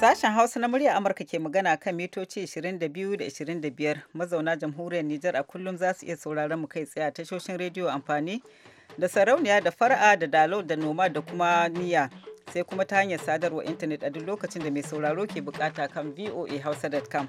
Sashen Hausa na murya Amurka ke magana kan mitoci 22 da 25 mazauna jamhuriyar Nijar a kullum za su iya sauraron mu kai tsaye a tashoshin rediyo amfani da sarauniya da fara'a da dalo da noma da kuma niya sai kuma ta hanyar sadarwa intanet a duk lokacin da mai sauraro ke bukata kan voahausa.com.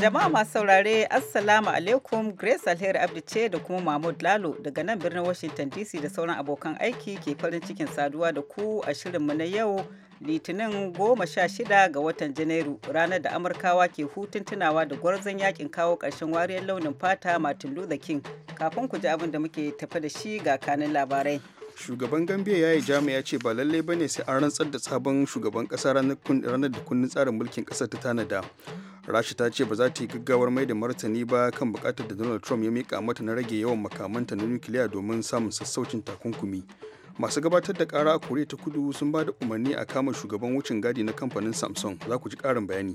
Jama'a masu saurare Assalamu alaikum Grace Alheri Abdi ce da kuma Mahmud Lalo daga nan birnin Washington DC da sauran abokan aiki ke farin cikin saduwa da ku a shirinmu na yau Litinin goma sha shida ga watan Janairu ranar da Amurkawa ke hutun tunawa da gwarzon yakin kawo ƙarshen wariyar launin fata Martin Luther King kafin ku ji abin da muke tafa da shi ga kanin labarai. shugaban gambia ya yi jami'a ce ba lallai ba ne sai an rantsar da sabon shugaban kasa ranar da kundin tsarin mulkin kasar ta tanada rasha ta ce ba za ta yi gaggawar mai da martani ba kan bukatar da donald trump ya mika mata na rage yawan makamanta na nukiliya domin samun sassaucin takunkumi masu gabatar da kara a koriya ta kudu sun ba da umarni a kama shugaban wucin gadi na kamfanin samsung za ku ji karin bayani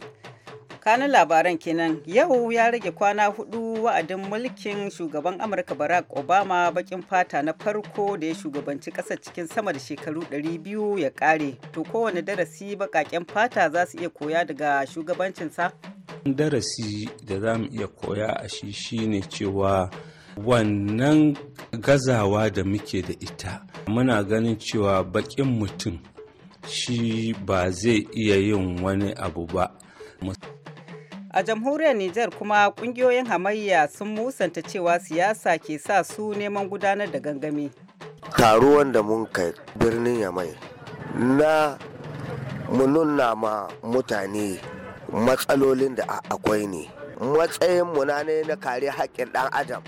kanin labaran kenan yau ya rage kwana hudu wa'adin mulkin shugaban amurka barack obama bakin fata na farko da ya shugabanci kasar cikin sama da shekaru 200 ya kare to kowane darasi bakaken fata za su iya koya daga shugabancinsa darasi da za mu iya koya a shi shine cewa wannan gazawa da muke da ita muna ganin cewa bakin mutum shi ba zai iya yin wani abu ba A jamhuriyar Nijar kuma kungiyoyin hamayya sun musanta cewa siyasa ke sa su neman gudanar da gangami. Taro wanda mun kai birnin Yamai na nuna ma mutane matsalolin da akwai ne. Matsayin mu ne na kare haƙƙin ɗan adam.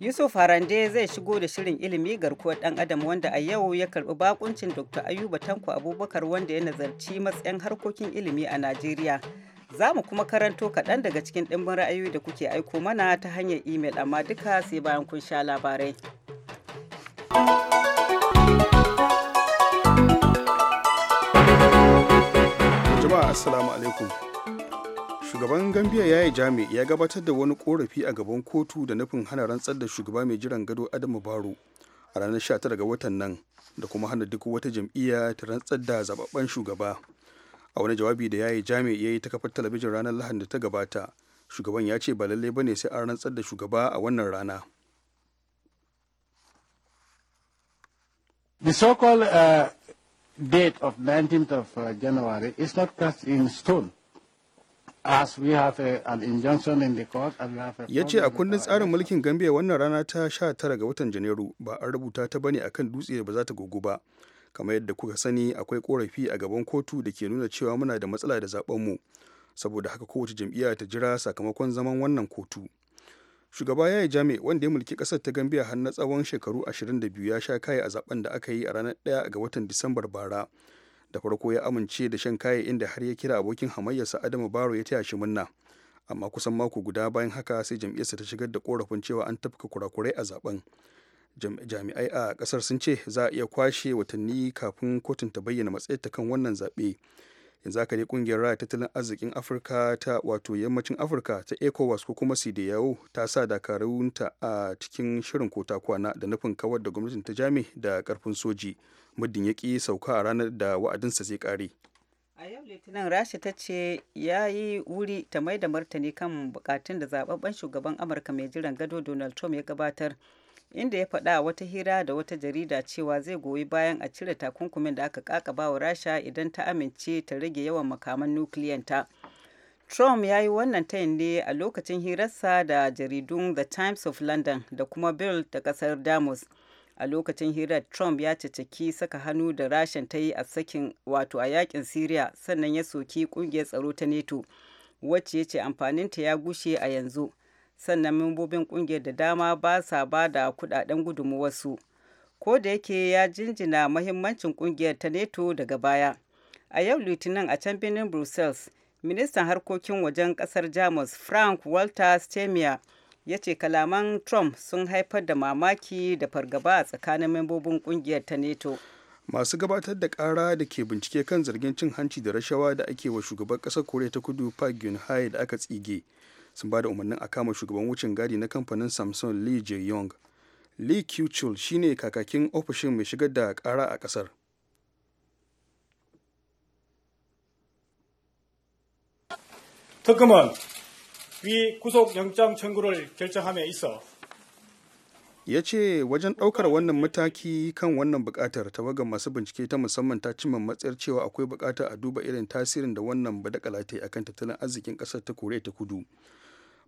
Yusuf Harande zai shigo da shirin ilimi garkuwar ɗan adam wanda a yau ya karɓi bakuncin Dr. Ayuba Tanko Abubakar wanda ya nazarci matsayin harkokin ilimi a Najeriya. za mu kuma karanto kaɗan daga cikin ɗimbin ra'ayoyi da kuke aiko mana ta hanyar imel amma duka sai bayan kun sha labarai. Jama'a Assalamu alaikum. Shugaban Gambia yi Jami ya gabatar da wani korafi a gaban kotu da nufin hana rantsar da shugaba mai jiran gado Adamu Baro a ranar 19 ga watan nan da kuma hana duk wata jam'iyya ta rantsar da zababben shugaba. a wani jawabi da ya yi jami'i ya yi ta kafar talabijin ranar lahadi da ta gabata shugaban ya ce ba lallai ba ne sai an rantsar da shugaba a wannan rana the so-called uh, date of 19th of uh, January is not cast in stone. ya ce a kundin tsarin mulkin gambia wannan rana ta 19 ga watan janairu ba an rubuta ta bane akan dutse ba za ta gogo ba kamar yadda kuka sani akwai korafi a gaban kotu da ke nuna cewa muna da matsala da zaɓenmu saboda haka kowace jam'iyya ta jira sakamakon zaman wannan kotu shugaba ya yi jami wanda ya mulki ƙasar ta gambia har na tsawon shekaru 22 ya sha kaye a zaben da aka yi a ranar 1 ga watan disambar bara da farko ya amince da shan kaye inda har ya kira abokin hamayyarsa adamu baro ya taya shi munna amma kusan mako guda bayan haka sai jam'iyyarsa ta shigar da korafin cewa an tafka kurakurai a zaben jami'ai a kasar sun ce za a iya kwashe watanni kafin kotun ta bayyana ta kan wannan zaɓe yanzu haka ne kungiyar raya tattalin arzikin afirka ta wato yammacin afirka ta ecowas ko kuma yawo ta sa dakarunta a cikin shirin kota kwana da nufin kawar da gwamnatin ta jami da karfin soji muddin ya ƙi sauka a ranar da wa'adinsa zai kare. a yau litinin rasha ta ce ya yi wuri ta mai da martani kan bukatun da zababben shugaban amurka mai jiran gado donald trump ya gabatar inda ya faɗa wata hira da wata jarida cewa zai goyi bayan a cire takunkumin da aka kakaba wa rasha idan ta amince ta rage yawan makaman nukiliyanta trump ya yi wannan tayin ne a lokacin hirarsa da jaridun the times of london da kuma bill da kasar damus a lokacin hirar trump ya caceki saka hannu da rashin ta yi a sakin wato a yakin syria sannan ya soki kungiyar tsaro ta neto wacce ya ce amfaninta ya gushe a yanzu sannan membobin kungiyar da dama ba sa ba da kudaden gudunmuwarsu ko da yake ya jinjina mahimmancin kungiyar ta neto daga baya a yau litinin a can birnin brussels ministan harkokin wajen kasar jamus frank walter stemia ya ce kalaman trump sun haifar da mamaki da fargaba a tsakanin membobin kungiyar ta neto masu gabatar da kara da ke bincike kan zargin cin hanci da rashawa da ake wa shugaban kasar koriya ta kudu park geun da aka tsige sun ba da umarnin a kama shugaban wucin gadi na kamfanin samsung lee jae young lee kyuchul shine kakakin ofishin mai shigar da kara a kasar 특검은 위 구속영장 청구를 결정함에 있어 ya ce wajen ɗaukar wannan mataki kan wannan buƙatar tawagar masu bincike ta musamman ta cimma matsayar cewa akwai buƙatar a duba irin tasirin da wannan badakala ta yi akan tattalin arzikin ƙasar ta koriya ta kudu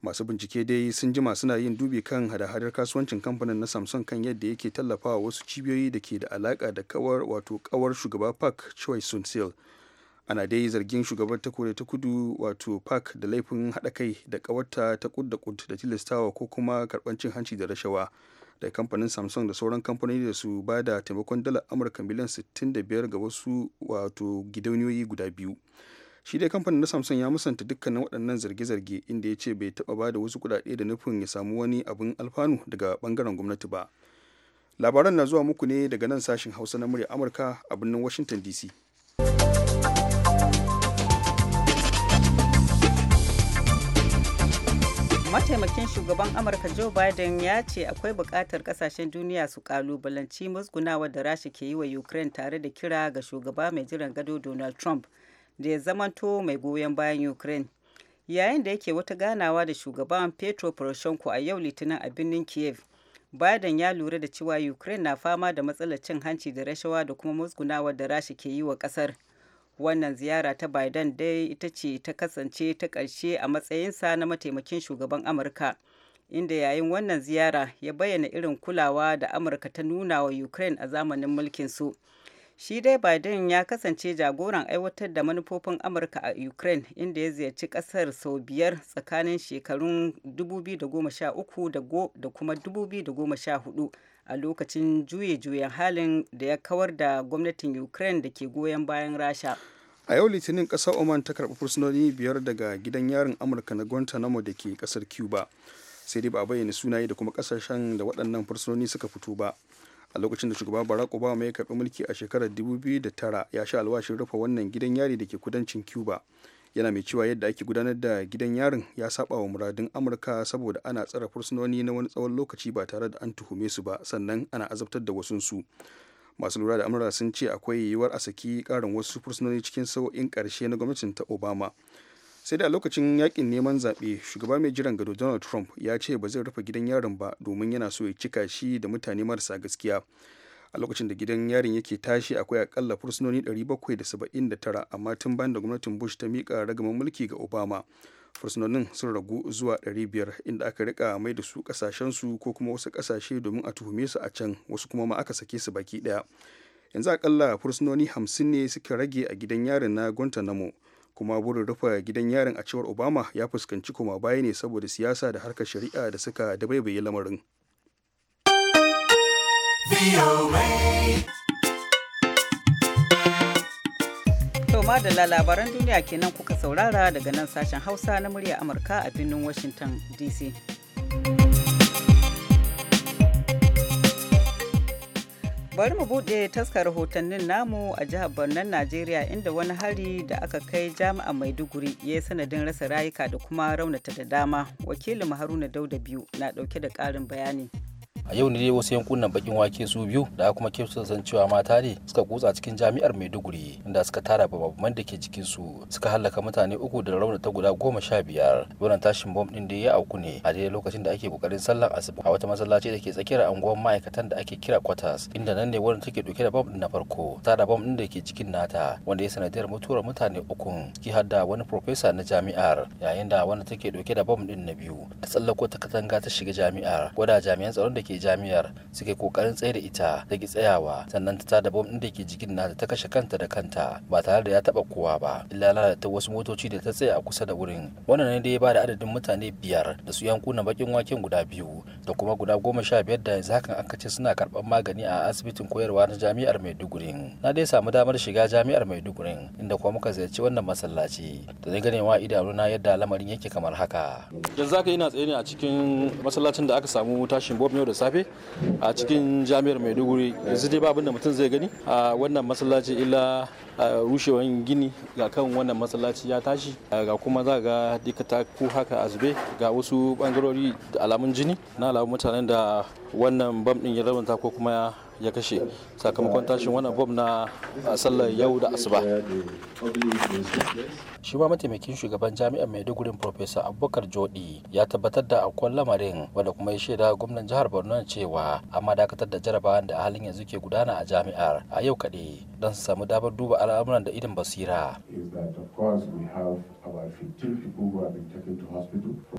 masu bincike dai sun jima suna yin dubi kan hada-hadar kasuwancin kamfanin na samsung kan yadda yake tallafawa wasu cibiyoyi da ke da alaka da kawar wato kawar shugaba park choi sun sil ana dai zargin shugabar ta kore ta kudu wato park da laifin haɗa kai da kawarta ta kud da kud da tilastawa ko kuma karɓar cin hanci da rashawa da kamfanin samsung da sauran kamfanoni da su ba da taimakon dalar amurka miliyan 65 ga wasu wato gidauniyoyi guda biyu shi dai kamfanin na samsung ya musanta dukkanin waɗannan zarge-zarge inda ya ce bai taɓa ba da wasu kuɗaɗe da nufin ya samu wani abin alfanu daga ɓangaren gwamnati ba labaran na zuwa muku ne daga nan sashen hausa na murya amurka a birnin washington dc mataimakin shugaban amurka joe biden ya ce akwai bukatar ƙasashen duniya su kalubalanci musgunawa da rasha ke yi wa ukraine tare da kira ga shugaba mai jiran gado donald trump da ya zamanto mai goyon bayan ukraine yayin da yake wata ganawa da shugaban petro poroshenko a yau litinin a birnin kiev biden ya lura da cewa ukraine na fama da matsalar cin hanci da rashawa da kuma musgunawa da rasha ke yi wa ƙasar wannan ziyara ta biden dai ita ce ta kasance ta ƙarshe a matsayinsa na mataimakin shugaban amurka inda yayin wannan ziyara ya bayyana irin kulawa da amurka ta nuna wa ukraine a zamanin mulkin su shi dai biden ya kasance jagoran aiwatar da manufofin amurka a ukraine inda ya ziyarci kasar sau biyar tsakanin shekarun 2013 da kuma 2014 a lokacin juye-juyen halin da ya kawar da gwamnatin ukraine da ke goyon bayan rasha a yau litinin kasar oman ta karɓi fursunoni biyar daga gidan yarin amurka na guantanamo da ke kasar cuba sai dai ba a bayyana sunaye da kuma kasashen da waɗannan fursunoni suka fito ba a lokacin da shugaban barack obama ya karbi mulki a shekarar 2009 ya sha alwashin rufe wannan gidan yari da ke kudancin cuba yana mai cewa yadda ake gudanar da gidan yarin ya saba wa muradun amurka saboda ana tsara fursunoni na wani tsawon lokaci ba tare da an tuhume su ba sannan ana azabtar da su masu lura da amurka sun ce akwai yiwuwar a saki karin wasu fursunoni cikin sau'in karshe na gwamnatin ta obama sai da a lokacin yakin neman zaɓe shugaba mai jiran gado donald trump ya ce ba zai rufe gidan yarin ba domin yana so ya cika shi da mutane marasa gaskiya a lokacin da gidan yarin yake tashi akwai akalla fursunoni 779 amma tun bayan da gwamnatin bush ta mika ragaman mulki ga obama fursunonin sun ragu zuwa 500 inda aka rika mai da su kasashensu ko kuma wasu kasashe domin a tuhume su a can wasu kuma ma aka sake su baki daya yanzu akalla fursunoni 50 ne suka rage a gidan yarin na gwanta guantanamo kuma burin rufe gidan yarin a cewar obama ya fuskanci koma baya ne saboda siyasa da harkar shari'a da suka dabaibaye lamarin Toma da labaran duniya kenan kuka saurara daga nan sashen Hausa na murya Amurka a birnin Washington DC. bari mu bude taskar rahotannin namu a jihar Barnan Najeriya inda wani hari da aka kai jami'a Maiduguri ya yi sanadin rasa rayuka da kuma raunata da dama. Wakilin Haruna Dauda biyu na dauke da karin bayani. a yau ne wasu yankunan bakin wake su biyu da kuma ke san cewa mata ne suka kutsa cikin jami'ar maiduguri inda suka tara babban da ke su suka halaka mutane uku da raunata guda goma sha biyar wannan tashin bom din da ya auku ne a daidai lokacin da ake kokarin sallar asuba a wata masallaci da ke tsakiyar anguwan ma'aikatan da ake kira kwatas inda nan ne wannan take dauke da bom din na farko tara bom din da ke cikin nata wanda ya sanadiyar mutuwar mutane uku ciki har da wani profesa na jami'ar yayin da wanda take dauke da bom din na biyu ta tsallako ta katanga ta shiga jami'ar gwada jami'an tsaron da ke jami'ar suke kokarin tsaye da ita ta ki tsayawa sannan ta da bom ɗin da ke jikin nata ta kashe kanta da kanta ba tare da ya taba kowa ba illa lalata wasu motoci da ta tsaya a kusa da wurin wannan ne da ya bada adadin mutane biyar da su yankuna bakin waken guda biyu da kuma guda goma sha biyar da yanzu hakan aka ce suna karɓar magani a asibitin koyarwa na jami'ar maiduguri na dai samu damar shiga jami'ar maiduguri inda kuma muka ziyarci wannan masallaci da zai ganewa idanuna yadda lamarin yake kamar haka yanzu haka ina tsaye ne a cikin masallacin da aka samu tashin bom yau da safe a cikin jami'ar maiduguri yanzu dai babin da mutum zai gani a wannan masallaci illa rushewan gini ga kan wannan masallaci ya tashi ga kuma za ga duka ta ku haka a zube ga wasu bangarori da alamun jini na alamun mutanen da wannan bam din ya rabanta ko kuma ya kashe sakamakon tashin wannan bom na sallar yau da asuba shi ma mataimakin shugaban jami'ar maiduguri profesa abubakar jodi ya tabbatar da akwai lamarin wanda kuma ya shaida gwamnan jihar borno cewa an ma dakatar da jarabawan da halin yanzu ke gudana a jami'ar a yau kaɗai don su samu damar duba al'amuran da irin basira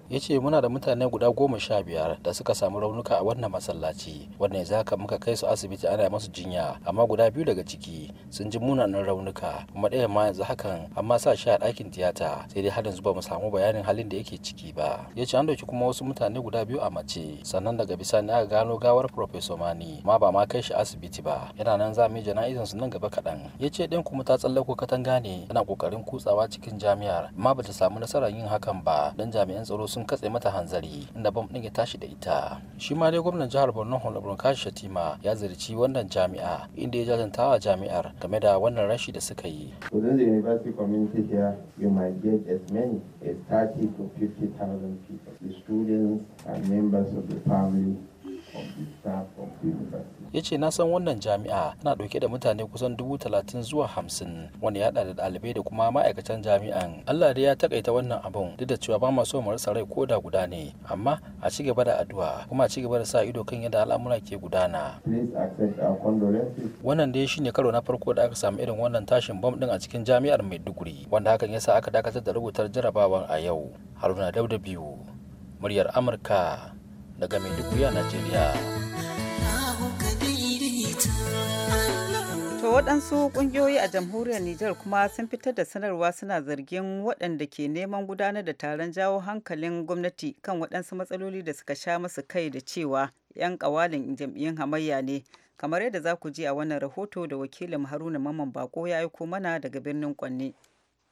ya ce muna da mutane guda goma sha biyar da suka samu raunuka a wannan masallaci wanda ya zaka muka kai su asibiti asibiti ana masu jinya amma guda biyu daga ciki sun ji munanan raunuka kuma ɗaya ma yanzu hakan amma sa shi a ɗakin tiyata sai dai har zuba mu samu bayanin halin da yake ciki ba ya ce an dauki kuma wasu mutane guda biyu a mace sannan daga bisa bisani aka gano gawar professor mani ma ba ma kai shi asibiti ba yana nan za mu jana'izan su nan gaba kaɗan ya ce ɗin kuma ta tsallako katanga ne tana ƙoƙarin kutsawa cikin jami'ar amma bata samu nasarar yin hakan ba dan jami'an tsaro sun katse mata hanzari inda bam ɗin ya tashi da ita shi ma dai gwamnan jihar borno honorable kashi shatima ya ziyarci ziyarci wannan jami'a inda ya jajanta jami'ar game da wannan rashi da suka yi. university community here, you get as many as members of the of the staff of the university. ya ce na san wannan jami'a tana ɗauke da mutane kusan dubu talatin zuwa hamsin wani ya da ɗalibai da kuma ma'aikatan jami'an allah dai ya takaita wannan abun duk da cewa ba ma mu rasa rai ko da guda ne amma a ci gaba da addu'a kuma a ci gaba da sa ido kan yadda al'amura ke gudana wannan dai shine karo na farko da aka samu irin wannan tashin bom din a cikin jami'ar maiduguri wanda hakan yasa aka dakatar da rubutar jarabawan a yau haruna dauda biyu muryar amurka daga maiduguri a najeriya waɗansu ƙungiyoyi a jamhuriyar Nijar kuma sun fitar da sanarwa suna zargin waɗanda ke neman gudanar da taron jawo hankalin gwamnati kan waɗansu matsaloli da suka sha masu kai da cewa 'yan ƙawalin jam'iyyun hamayya ne. Kamar yadda za ku ji a wannan rahoto da wakilin Haruna Maman Bako ya aiko mana daga birnin Kwanne.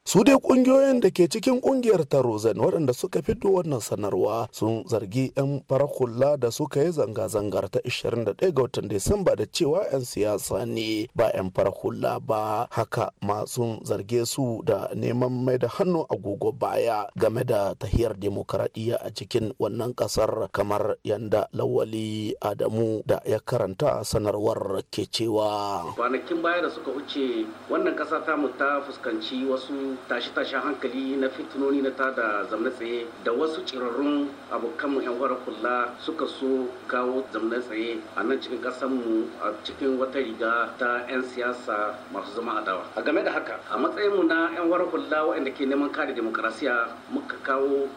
su dai kungiyoyin da ke cikin kungiyar ta waɗanda suka fito wannan sanarwa sun zargi 'yan farakulla da suka yi zanga-zangar ta 21 ga watan disamba da cewa 'yan siyasa ne ba 'yan farakulla ba haka ma sun zarge su da neman mai da hannu agogo baya game da tahiyar demokaradiyya a cikin wannan kasar kamar yanda lawali adamu da ya karanta sanarwar ke cewa kwanakin baya da suka wuce wannan kasa mu ta fuskanci wasu tashe tashi hankali na fitinoni na tada zamna tsaye da wasu cirarrun abokanmu 'yan wara kula suka so kawo zamna tsaye a nan cikin mu a cikin wata riga ta 'yan siyasa masu zama adawa a game da haka a matsayin mu na 'yan wara kula waɗanda ke neman kare demokrasiya muka kawo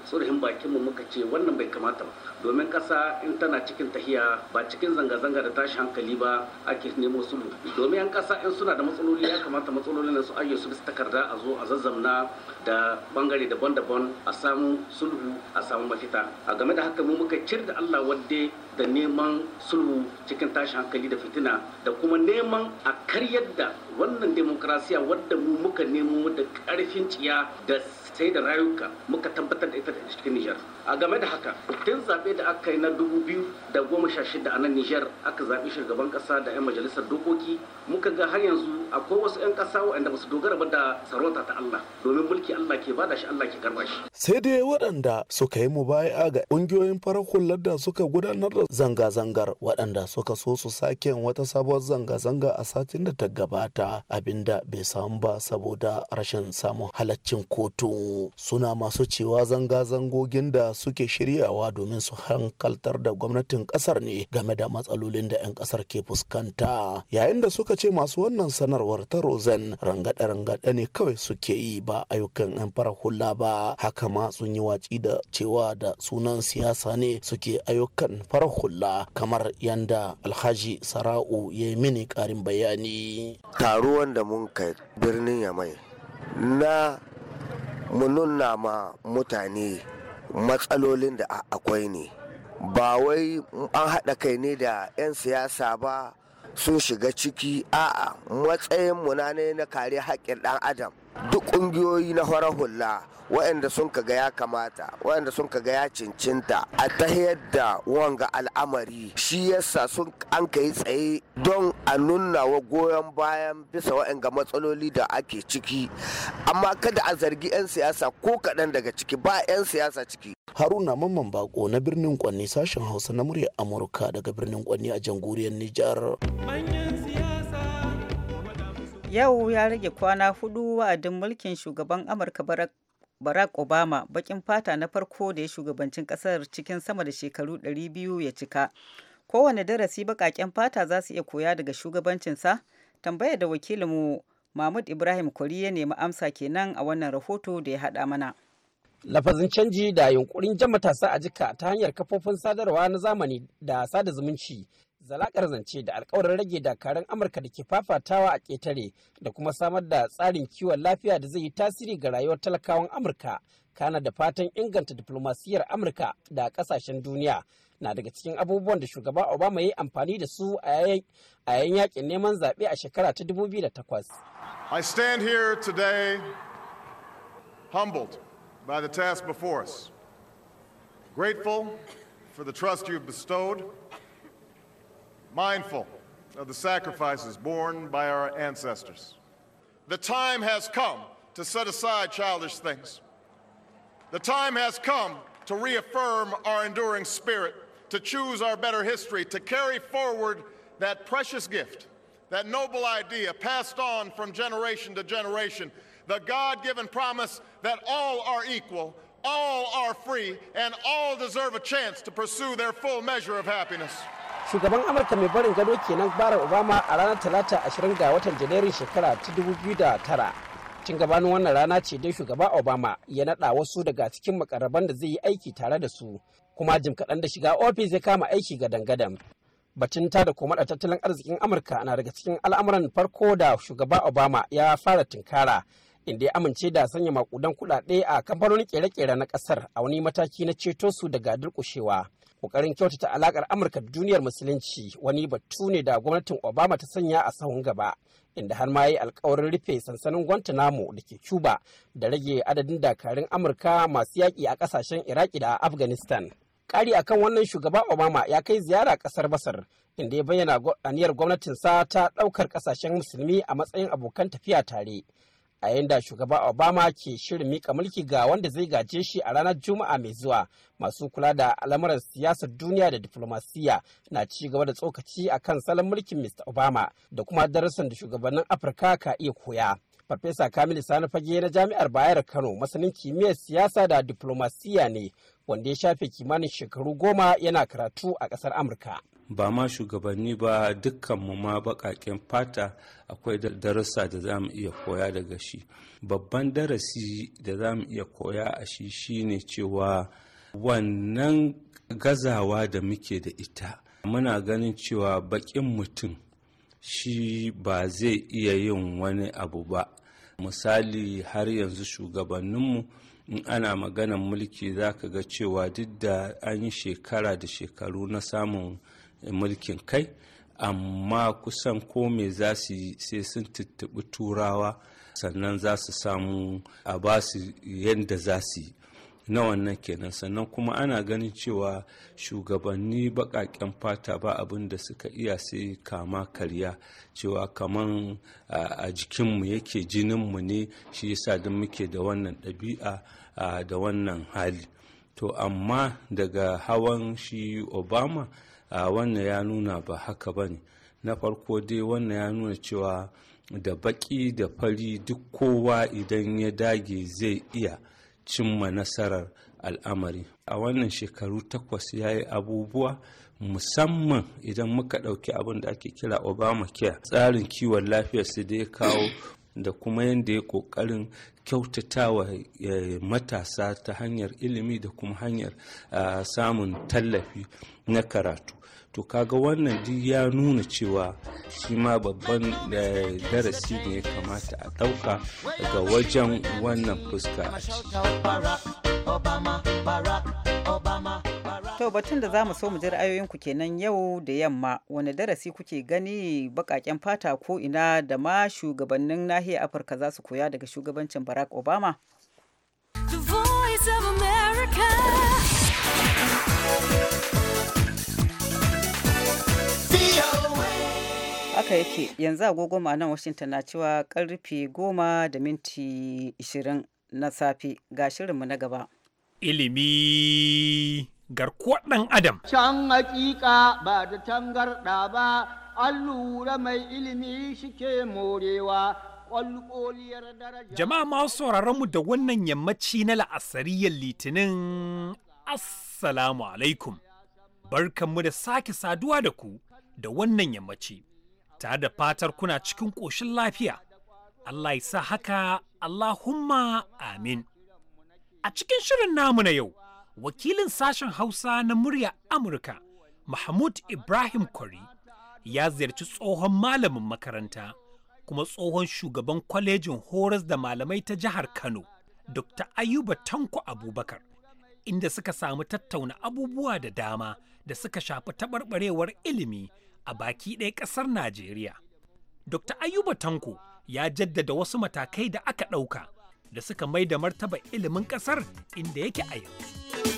bakin mu muka ce wannan bai kamata ba domin kasa in tana cikin tahiya ba cikin zanga-zanga da tashi hankali ba ake nemo sulhu domin 'yan kasa in suna da matsaloli ya kamata matsalolin su ayyuka su takarda a zo a zazzaba zamna da bangare daban-daban a samu sulhu a samu mafita a game da haka mu muka cir da Allah wadde da neman sulhu cikin tashin hankali da fitina da kuma neman a karyar da wannan demokrasiya wadda mu muka nemo da karfin ciya da sai da rayuka muka tabbatar da ita da cikin Nijar. A game da haka, tun zaɓe da aka yi na dubu biyu da goma sha shida a nan Nijar aka zaɓi shugaban ƙasa da 'yan majalisar dokoki, muka ga har yanzu akwai wasu 'yan ƙasa waɗanda ba su dogara ba da sarauta ta Allah, domin mulki Allah ke bada shi Allah ke karba shi. Sai dai waɗanda suka yi mubaya ga ƙungiyoyin farar hular da suka gudanar da zanga-zangar waɗanda suka so su sake wata sabuwar zanga-zanga a satin da ta gabata abinda bai samu ba saboda rashin samun halaccin kotu. suna masu cewa zanga-zangogin da suke shiryawa domin su hankaltar da gwamnatin kasar ne game da matsalolin da 'yan kasar ke fuskanta yayin da suka ce masu wannan sanarwar ta rosen rangada-rangada ne kawai suke yi ba ayyukan 'yan fara hula ba haka ma sun yi watsi da cewa da sunan siyasa ne suke ayyukan fara hula kamar yanda alhaji sara'u ya yi mini karin bayani taro da mun kai birnin yamai na mu nuna ma mutane matsalolin da akwai ne ba wai an haɗa kai ne da 'yan siyasa ba sun shiga ciki a'a matsayin mu na ne na kare haƙƙin ɗan adam duk ƙungiyoyi na hora hula waɗanda sun kaga ya kamata waɗanda sun kaga ya cincinta a ta yadda wanga al'amari shi yasa sun an kai tsaye don a nuna wa goyon bayan bisa waɗanda matsaloli da ake ciki amma kada a zargi 'yan siyasa ko kaɗan daga ciki ba 'yan siyasa ciki haruna mamman bako na birnin kwanni sashen hausa na murya amurka daga birnin kwanni a jamhuriyar nijar Yau ya rage kwana hudu wa'adin mulkin shugaban Amurka Barack Obama bakin fata na farko da ya shugabancin kasar cikin sama da shekaru 200 ya cika. Kowane darasi bakaken fata za su iya koya daga shugabancinsa, tambaya da wakilinmu Mahmud Ibrahim kwari ya nemi amsa kenan a wannan rahoto da ya haɗa mana. Lafazin canji da yunkurin jan matasa a jika ta hanyar kafofin sadarwa na zamani da sada zumunci zalakar zance da alkawarin rage dakarun amurka da ke fafatawa a ƙetare da kuma samar da tsarin kiwon lafiya da zai yi tasiri ga rayuwar talakawan amurka kana da fatan inganta diflomasiyyar amurka da ƙasashen duniya na daga cikin abubuwan da shugaba obama ya yi amfani da su a yayin yakin neman zaɓe a shekara ta 2008 i stand here today humbled by the task before us grateful for the trust you've bestowed mindful of the sacrifices borne by our ancestors. The time has come to set aside childish things. The time has come to reaffirm our enduring spirit, to choose our better history, to carry forward that precious gift, that noble idea passed on from generation to generation, the God given promise that all are equal, all are free, and all deserve a chance to pursue their full measure of happiness. shugaban amurka mai barin gado kenan barack obama a ranar talata 20 ga watan janairun shekara ta dubu biyu da tara. cin gabanin wannan rana ce dai shugaba obama ya nada wasu daga cikin makaraban da zai yi aiki tare da su kuma jim kaɗan da shiga ofis ya kama aiki gadan-gadan batun ta da komada tattalin arzikin amurka na daga cikin al'amuran farko da shugaba obama ya fara tunkara inda ya amince da sanya makudan kuɗaɗe a kamfanonin kere-kere na ƙasar a wani mataki na ceto su daga durƙushewa kokarin kyautata alakar amurka da duniyar musulunci wani batu ne da gwamnatin obama ta sanya a sahun gaba inda har ma yi alkawarin rufe sansanin guantanamo da ke cuba da rage adadin dakarun amurka masu yaƙi a ƙasashen iraki da afghanistan ƙari akan wannan shugaba obama ya kai ziyara ƙasar basar inda ya bayyana aniyar gwamnatinsa ta ɗaukar ƙasashen musulmi a matsayin abokan tafiya tare a yayin da shugaba obama ke shirin mika mulki ga wanda zai gaje shi a ranar juma'a mai zuwa masu kula da al'amuran siyasar duniya da diflomasiyya na ci gaba da tsokaci akan salon mulkin mr obama da kuma darasin da shugabannin afirka ka iya koya Farfesa Kamilu Sani Fage na Jami'ar Bayar Kano masanin kimiyyar siyasa da diplomasiya ne wanda ya shafe kimanin shekaru goma yana karatu a ƙasar Amurka. Ba ma shugabanni ba dukkan mu ma baƙaƙen fata akwai darasa da za mu iya koya daga shi. Babban darasi da za mu iya koya a shi shine cewa wannan gazawa da muke da ita muna ganin cewa baƙin mutum shi ba zai iya yin wani abu ba misali har yanzu shugabanninmu in ana maganan mulki za ka ga cewa duk da an yi shekara da shekaru na samun mulkin kai amma kusan ko me za su yi sai sun tuttuɓi turawa sannan za su samu a basu yadda za su yi na wannan kenan sannan kuma ana ganin cewa shugabanni baƙaƙen fata ba abin da suka iya sai kama karya cewa kaman a jikinmu yake jininmu ne shi yasa don muke da wannan ɗabi'a da wannan hali to amma daga hawan shi obama wannan ya nuna ba haka ba ne na farko dai wannan ya nuna cewa da baƙi da fari duk kowa idan ya dage zai iya cimma nasarar al'amari a wannan shekaru takwas ya yi abubuwa musamman idan muka ɗauki abin da ake kira obamacare tsarin kiwon lafiyar su da ya kawo da kuma yadda ya ƙoƙarin kyautatawa eh, matasa ta hanyar ilimi da kuma hanyar ah, samun tallafi na karatu to kaga wannan duk ya nuna cewa shi ma babban eh, darasi ne ya kamata a ɗauka ga wajen wannan fuska a ciki. To batun da za mu so mu ji ra'ayoyinku kenan yau da yamma wani darasi kuke gani bakaken fata ko ina da ma shugabannin nahiyar Afirka za su koya daga shugabancin Barack Obama. haka yake yanzu agogo nan washington na cewa karfe goma da minti 20 na safe ga shirinmu na gaba ilimi garkuwar ɗan adam. Can hakika ba da tangarɗa ba, an lura mai ilimi shike morewa. Jama'a masu sauraron mu da wannan yammaci na la'asariyar litinin Assalamu alaikum. Barkanmu da sake saduwa da ku da wannan yammaci, tare da fatar kuna cikin ƙoshin lafiya. Allah ya sa haka Allahumma amin. A cikin shirin namu na yau, wakilin sashen hausa na murya amurka mahmud ibrahim kwari ya ziyarci tsohon malamin makaranta kuma tsohon shugaban kwalejin horas da malamai ta jihar kano dr ayuba tanko abubakar inda suka samu tattauna abubuwa da dama da suka shafi taɓarɓarewar ilimi a baki ɗaya ƙasar najeriya dr ayuba tanko ya jaddada wasu matakai da aka ɗauka da suka mai da martaba ilimin ƙasar inda yake a yanzu.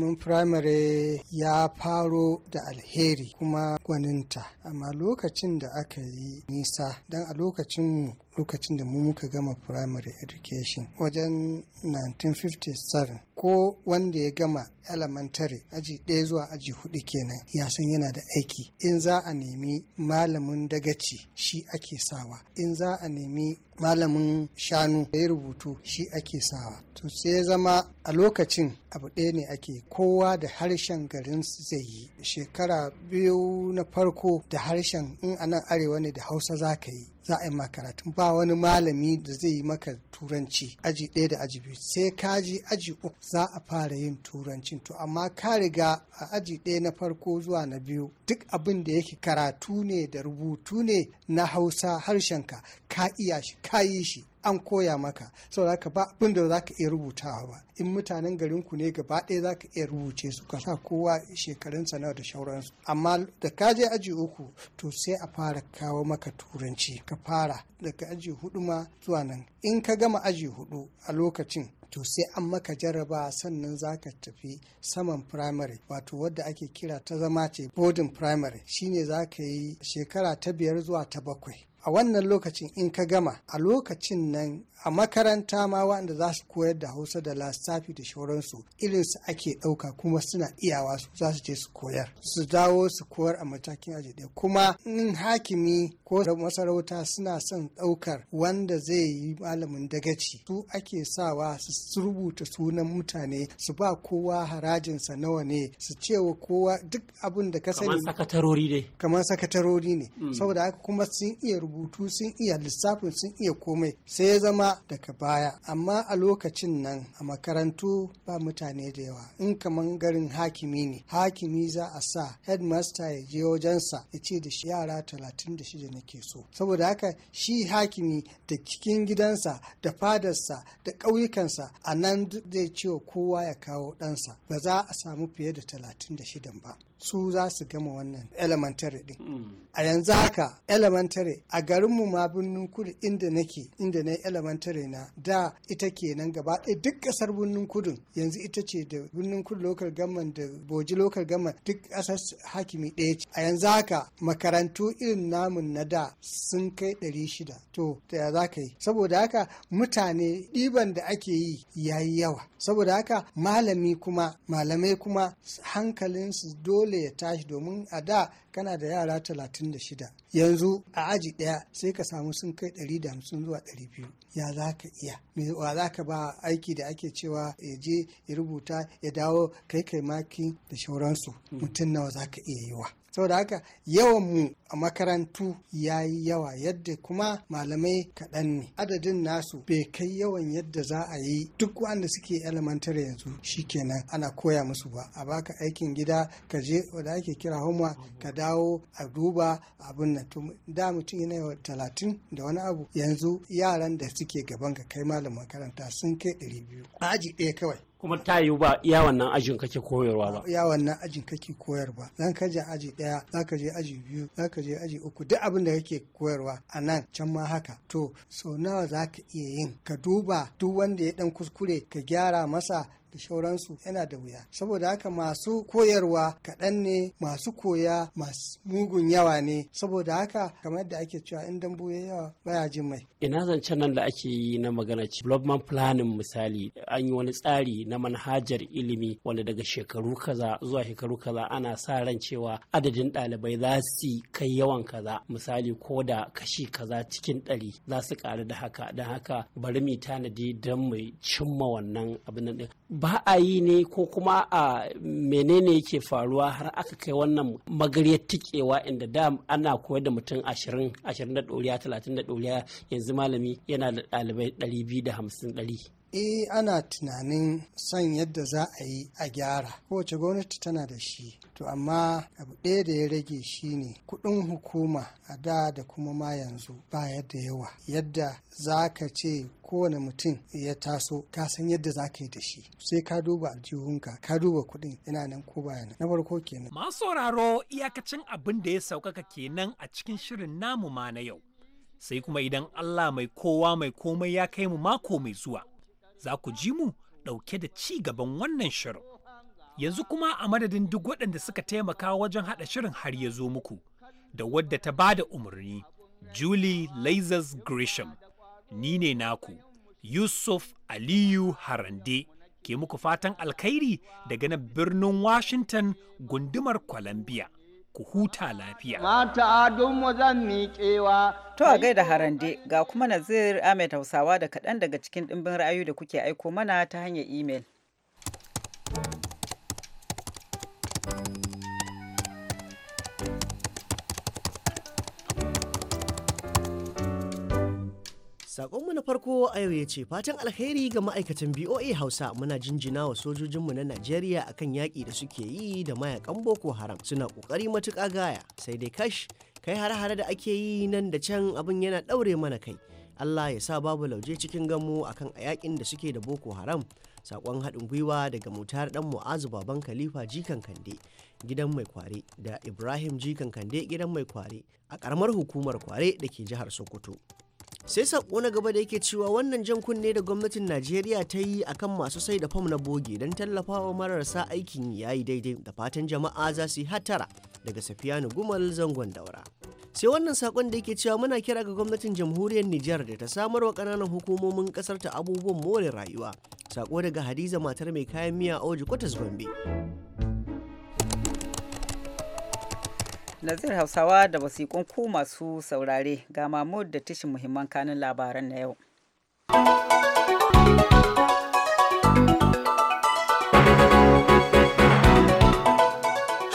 ilimin firamare ya faro da alheri kuma gwaninta amma lokacin da aka yi nisa don a lokacin lokacin da mu muka gama primary education wajen 1957 ko wanda ya gama elementary aji ɗaya zuwa aji hudu kenan ya san yana da aiki in za a nemi malamin dagaci shi ake sawa in za a nemi malamin shanu da ya rubutu shi ake sawa to sai zama a lokacin abu ɗaya ne ake kowa da harshen garin zai yi shekara biyu na farko da harshen in a nan arewa ne da hausa za ka yi za a yi ma ba wani malami da zai yi maka turanci aji ɗaya da aji biyu sai ka je aji uku za a fara yin turancin to amma ka riga a aji ɗaya na farko zuwa na biyu duk abin da yake karatu ne da rubutu ne na hausa harshenka ka iya shi ka yi shi an koya maka saboda ka ba abin da ka iya rubutawa ba in mutanen garin ku ne gaba ɗaya za ka iya rubuce su ka sa kowa shekarun nawa da shauransu amma da ka je aji uku to sai a fara kawo maka turanci ka fara daga aji hudu ma zuwa nan in ka gama aji hudu a lokacin to sai an maka jaraba sannan za ka tafi saman primary wato wadda ake kira ta zama ce boarding primary shine za ka yi shekara ta biyar zuwa ta bakwai a wannan lokacin in ka gama a lokacin nan a makaranta ma wanda za su koyar da hausa da lissafi da shauransu su ake ɗauka kuma suna iyawa su za su je su koyar su dawo su koyar a matakin aji ɗaya kuma in hakimi ko masarauta suna son ɗaukar wanda zai yi malamin dagaci su ake sawa su rubuta sunan mutane su ba kowa harajinsa nawa ne su cewa kowa duk abin da ka sani kamar sakatarori ne mm. saboda haka kuma sun iya rubutu sun iya lissafin sun iya komai sai ya zama daga baya amma a lokacin nan a makarantu ba mutane da yawa in kamar garin hakimi ne hakimi za a sa headmaster ya je wajensa ya ce da shi yara talatin da shida nake so saboda haka shi hakimi da cikin gidansa da fadarsa da ƙauyukansa a nan zai ce kowa ya kawo ɗansa ba za a samu fiye da talatin da shidan ba su za su gama wannan elementary din mm. a yanzu haka elementary a garinmu ma birnin kudu inda nake inda na elementary na da ita ke nan gaba ɗaya duk ƙasar birnin kudu yanzu ita ce da birnin kudu local government da boji local government duk ƙasar hakimi ɗaya ce a yanzu haka makarantu irin namun na da sun kai ɗari shida to da za ka yi saboda haka mutane ɗiban da ake yi ya yi yawa saboda haka malami kuma malamai kuma hankalinsu dole dole ya tashi domin a da kana da yara 36 yanzu a aji ɗaya sai ka samu sun kai 150 zuwa 200 ya za ka iya wa za ka ba aiki da ake cewa ya je ya rubuta ya dawo kai kai maki da shauransu hmm. mutum nawa za ka iya yi wa saboda haka yawan mu a makarantu ya yi yawa yadda kuma malamai kaɗan ne adadin nasu bai kai yawan yadda za a yi duk wanda suke elementary yanzu shi kenan ana koya musu ba a baka aikin gida ka je wanda ake kira homework ka dawo a duba abin nan to da mutum yana yau talatin da wani abu yanzu yaran da suke gaban ka kai malam makaranta sun kai ɗari biyu a aji ɗaya kawai kuma ta yiwu ba iya wannan ajin kake koyarwa ba iya wannan ajin kake koyarwa zan ka je aji daya za ka je aji biyu za ka je aji uku duk abin da kake koyarwa a nan can ma haka to so nawa za ka iya yin ka duba duk wanda ya dan kuskure ka gyara masa da shauransu yana da wuya saboda haka masu koyarwa kaɗan ne masu koya masu mugun yawa ne saboda haka kamar da ake cewa in dambu ya yawa baya jin mai ina zancen nan da ake yi na magana development planning misali an yi wani tsari na manhajar ilimi wanda daga shekaru kaza zuwa shekaru kaza ana sa ran cewa adadin ɗalibai za su kai yawan kaza misali ko da kashi kaza cikin ɗari za su ƙaru da haka don haka bari mu tanadi don mu cimma wannan abin nan ba a yi ne ko kuma a menene yake faruwa har aka kai wannan magaryar tikewa inda da ana koyar da mutum ashirin ashirin da ɗoriya talatin da ɗoriya yanzu malami yana da ɗalibai ɗari biyu da hamsin ɗari eh ana tunanin son yadda za a yi a gyara kowace gwamnati tana da shi to amma abu ɗaya da ya rage shi ne kuɗin hukuma a da da kuma ma yanzu ba yadda yawa yadda za ka ce kowane mutum ya taso ka san yadda za ka yi da shi sai ka duba aljihunka ka duba kuɗin ina nan ko ba na farko kenan masu sauraro iyakacin abin da ya saukaka kenan a cikin shirin namu ma na yau sai kuma idan Allah mai kowa mai komai ya kai mu mako mai zuwa za ku ji mu ɗauke da ci gaban wannan shirin. Yanzu kuma a madadin duk waɗanda suka taimaka wajen haɗa shirin har ya zo muku, da wadda ta ba da umarni, Julie Lazars Grisham, ni ne naku, Yusuf Aliyu Harande, ke muku fatan alkhairi daga nan birnin Washington gundumar Columbia. ku huta lafiya. Mata mu zan miƙewa. To a gaida harande ga kuma Nazir Ahmed Hausawa da kaɗan daga cikin ɗimbin ra'ayoyi da kuke aiko mana ta hanyar imel. Sakonmu na farko a yau ya ce fatan alheri ga ma'aikatan BOA Hausa muna jinjina wa sojojinmu na Najeriya akan yaƙi da suke yi da mayakan Boko Haram suna ƙoƙari matuƙa gaya sai dai kash kai hare-hare da ake yi nan da can abin yana ɗaure mana kai. Allah ya sa babu lauje cikin gamu akan a yaƙin da suke da Boko Haram. Sakon haɗin gwiwa daga mutar ɗan Mu'azu Baban Khalifa Jikan Kande gidan mai kware da Ibrahim Jikan Kande gidan mai kware a ƙaramar hukumar kware da ke jihar Sokoto. sai sako na gaba da yake cewa wannan jan kunne da gwamnatin najeriya ta yi a kan masu sai da fam na boge don tallafawa mararsa aikin ya yi daidai da fatan jama'a za su yi hatara daga safiyanu gumal zangon daura sai wannan sakon da yake cewa muna kira ga gwamnatin jamhuriyar Nijar da ta samar wa kananan hukumomin kasar ta abubuwan more rayuwa sako daga hadiza matar mai kayan miya oji kwatas gombe Nazir Hausawa da wasiƙun ku masu saurare ga Mahmud da tashin muhimman kanin labaran na yau.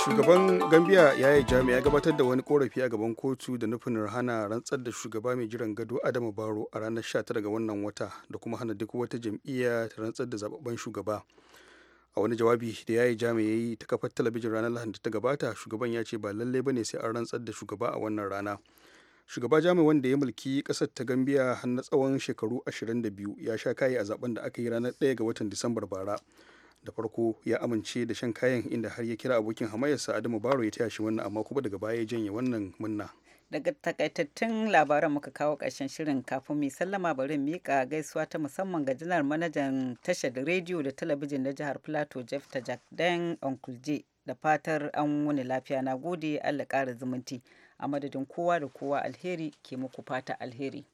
Shugaban Gambia ya yi jami'a gabatar da wani korafi a gaban kotu da nufin hana rantsar da shugaba mai jiran gado Adamu Baro a ranar 19 ga wannan wata da kuma hana duk wata jam'iyya ta rantsar da zababben shugaba. a wani jawabi da ya yi jami'ai ta kafar talabijin ranar lahadi ta gabata shugaban ya ce ba lallai ne sai an rantsar da shugaba a wannan rana shugaba jami wanda ya mulki kasar ta gambia har na tsawon shekaru 22 ya sha kayi a zaben da aka yi ranar 1 ga watan disambar bara da farko ya amince da shan kayan inda har ya kira abokin hamayarsa adamu baro ya taya shi wannan amma kuma daga baya ya janye wannan munna daga takaitattun labaran muka kawo ƙarshen shirin kafin mai sallama bari miƙa gaisuwa ta musamman ga janar manajan tashar rediyo da talabijin na jihar plateau jeff tajak dan uncle j da fatar an wani lafiya na gode allah ƙara zumunci a madadin kowa da kowa alheri ke muku fata alheri